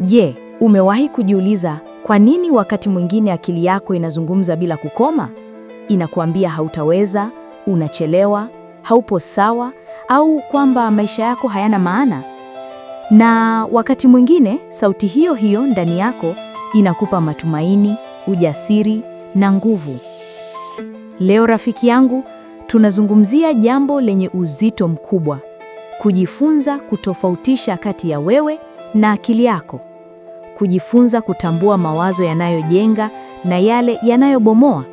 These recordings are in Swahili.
Je, umewahi kujiuliza kwa nini wakati mwingine akili yako inazungumza bila kukoma? Inakuambia hautaweza, unachelewa, haupo sawa, au kwamba maisha yako hayana maana. Na wakati mwingine sauti hiyo hiyo ndani yako inakupa matumaini, ujasiri na nguvu. Leo rafiki yangu, tunazungumzia jambo lenye uzito mkubwa: kujifunza kutofautisha kati ya wewe na akili yako kujifunza kutambua mawazo yanayojenga na yale yanayobomoa,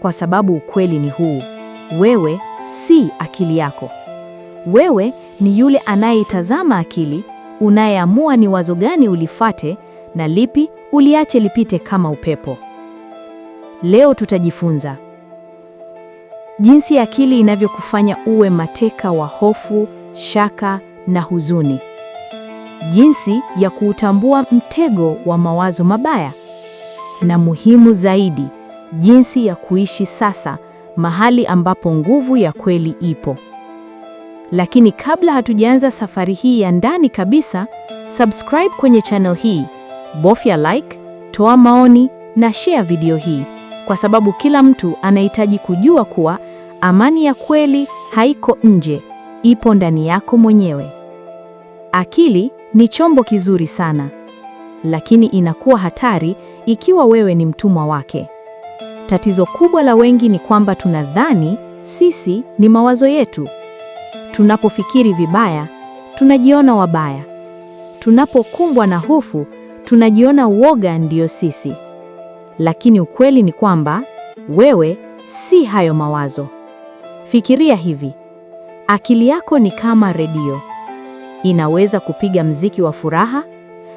kwa sababu ukweli ni huu: wewe si akili yako. Wewe ni yule anayeitazama akili, unayeamua ni wazo gani ulifate na lipi uliache lipite kama upepo. Leo tutajifunza jinsi akili inavyokufanya uwe mateka wa hofu, shaka na huzuni jinsi ya kuutambua mtego wa mawazo mabaya, na muhimu zaidi, jinsi ya kuishi sasa, mahali ambapo nguvu ya kweli ipo. Lakini kabla hatujaanza safari hii ya ndani kabisa, subscribe kwenye channel hii, bofya like, toa maoni na share video hii, kwa sababu kila mtu anahitaji kujua kuwa amani ya kweli haiko nje, ipo ndani yako mwenyewe. Akili ni chombo kizuri sana, lakini inakuwa hatari ikiwa wewe ni mtumwa wake. Tatizo kubwa la wengi ni kwamba tunadhani sisi ni mawazo yetu. Tunapofikiri vibaya, tunajiona wabaya. Tunapokumbwa na hofu, tunajiona woga ndiyo sisi. Lakini ukweli ni kwamba wewe si hayo mawazo. Fikiria hivi. Akili yako ni kama redio. Inaweza kupiga mziki wa furaha,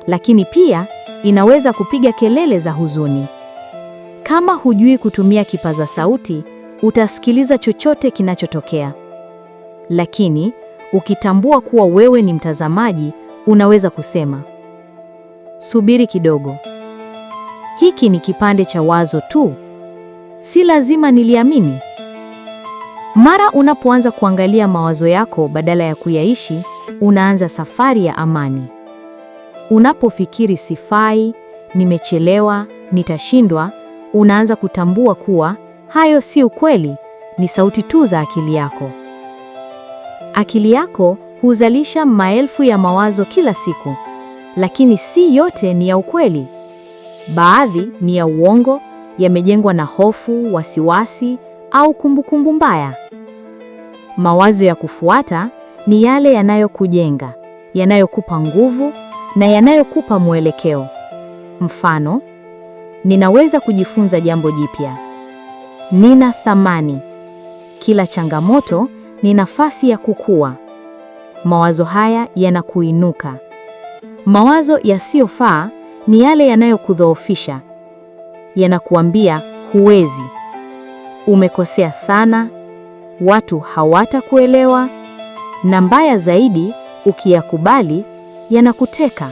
lakini pia inaweza kupiga kelele za huzuni. Kama hujui kutumia kipaza sauti, utasikiliza chochote kinachotokea. Lakini ukitambua kuwa wewe ni mtazamaji, unaweza kusema, subiri kidogo, hiki ni kipande cha wazo tu, si lazima niliamini. Mara unapoanza kuangalia mawazo yako badala ya kuyaishi, unaanza safari ya amani. Unapofikiri sifai, nimechelewa, nitashindwa, unaanza kutambua kuwa hayo si ukweli, ni sauti tu za akili yako. Akili yako huzalisha maelfu ya mawazo kila siku, lakini si yote ni ya ukweli. Baadhi ni ya uongo, yamejengwa na hofu, wasiwasi au kumbukumbu mbaya. Mawazo ya kufuata ni yale yanayokujenga, yanayokupa nguvu na yanayokupa mwelekeo. Mfano, ninaweza kujifunza jambo jipya. Nina thamani. Kila changamoto ni nafasi ya kukua. Mawazo haya yanakuinuka. Mawazo yasiyofaa ni yale yanayokudhoofisha, yanakuambia huwezi, umekosea sana watu hawatakuelewa, na mbaya zaidi, ukiyakubali yanakuteka.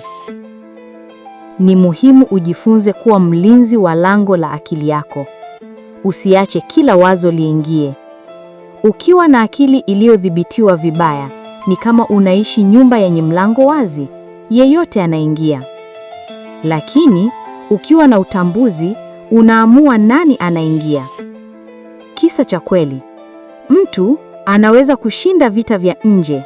Ni muhimu ujifunze kuwa mlinzi wa lango la akili yako. Usiache kila wazo liingie. Ukiwa na akili iliyodhibitiwa vibaya, ni kama unaishi nyumba yenye mlango wazi, yeyote anaingia. Lakini ukiwa na utambuzi, unaamua nani anaingia. Kisa cha kweli, Mtu anaweza kushinda vita vya nje,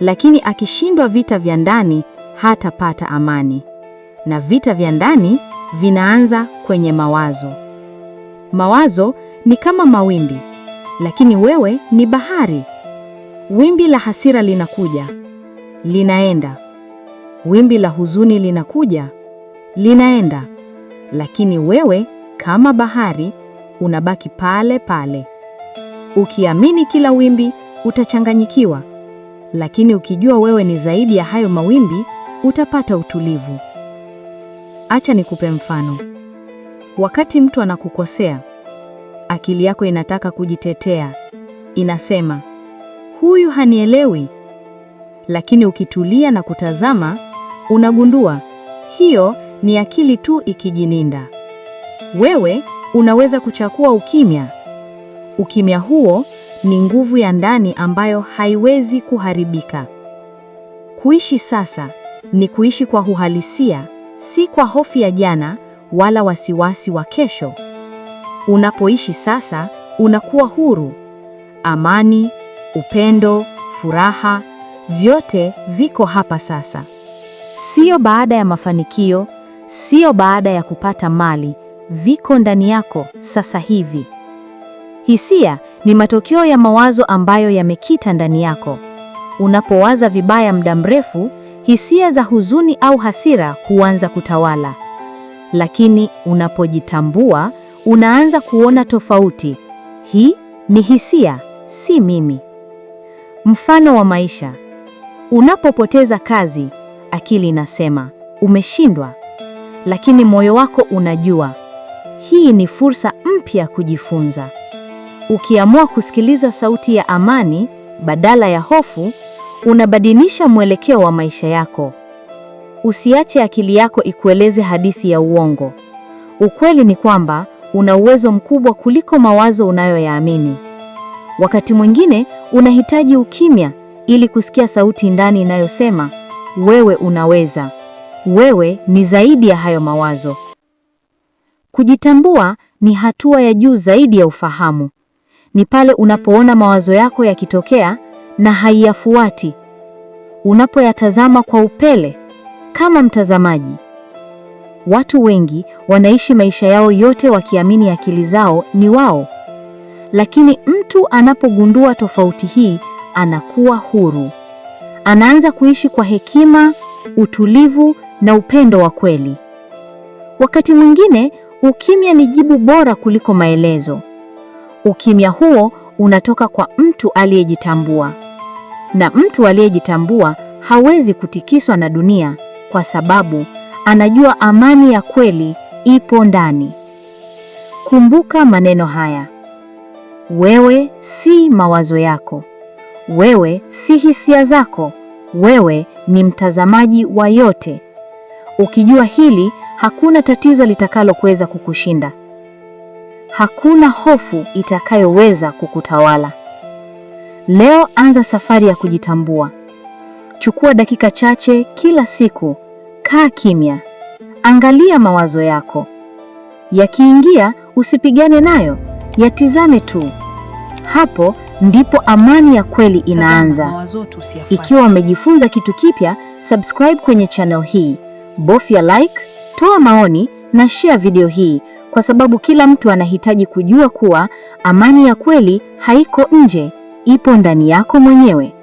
lakini akishindwa vita vya ndani hatapata amani. Na vita vya ndani vinaanza kwenye mawazo. Mawazo ni kama mawimbi, lakini wewe ni bahari. Wimbi la hasira linakuja, linaenda. Wimbi la huzuni linakuja, linaenda. Lakini wewe kama bahari unabaki pale pale. Ukiamini kila wimbi utachanganyikiwa, lakini ukijua wewe ni zaidi ya hayo mawimbi utapata utulivu. Acha nikupe mfano. Wakati mtu anakukosea, akili yako inataka kujitetea, inasema huyu hanielewi. Lakini ukitulia na kutazama, unagundua hiyo ni akili tu ikijininda. Wewe unaweza kuchakua ukimya Ukimya huo ni nguvu ya ndani ambayo haiwezi kuharibika. Kuishi sasa ni kuishi kwa uhalisia, si kwa hofu ya jana wala wasiwasi wa kesho. Unapoishi sasa, unakuwa huru. Amani, upendo, furaha, vyote viko hapa sasa. Sio baada ya mafanikio, sio baada ya kupata mali, viko ndani yako sasa hivi. Hisia ni matokeo ya mawazo ambayo yamekita ndani yako. Unapowaza vibaya muda mrefu, hisia za huzuni au hasira huanza kutawala. Lakini unapojitambua, unaanza kuona tofauti. Hii ni hisia, si mimi. Mfano wa maisha. Unapopoteza kazi, akili inasema umeshindwa, lakini moyo wako unajua hii ni fursa mpya kujifunza. Ukiamua kusikiliza sauti ya amani badala ya hofu, unabadilisha mwelekeo wa maisha yako. Usiache akili yako ikueleze hadithi ya uongo. Ukweli ni kwamba una uwezo mkubwa kuliko mawazo unayoyaamini. Wakati mwingine unahitaji ukimya ili kusikia sauti ndani inayosema, wewe unaweza. Wewe ni zaidi ya hayo mawazo. Kujitambua ni hatua ya juu zaidi ya ufahamu ni pale unapoona mawazo yako yakitokea na haiyafuati, unapoyatazama kwa upele kama mtazamaji. Watu wengi wanaishi maisha yao yote wakiamini akili zao ni wao, lakini mtu anapogundua tofauti hii anakuwa huru, anaanza kuishi kwa hekima, utulivu na upendo wa kweli. Wakati mwingine ukimya ni jibu bora kuliko maelezo. Ukimya huo unatoka kwa mtu aliyejitambua, na mtu aliyejitambua hawezi kutikiswa na dunia, kwa sababu anajua amani ya kweli ipo ndani. Kumbuka maneno haya: wewe si mawazo yako, wewe si hisia zako, wewe ni mtazamaji wa yote. Ukijua hili, hakuna tatizo litakalokuweza kukushinda hakuna hofu itakayoweza kukutawala. Leo anza safari ya kujitambua. Chukua dakika chache kila siku, kaa kimya, angalia mawazo yako. Yakiingia usipigane nayo, yatizame tu. Hapo ndipo amani ya kweli inaanza. Ikiwa umejifunza kitu kipya, subscribe kwenye channel hii, bofya like, toa maoni na share video hii kwa sababu kila mtu anahitaji kujua kuwa amani ya kweli haiko nje, ipo ndani yako mwenyewe.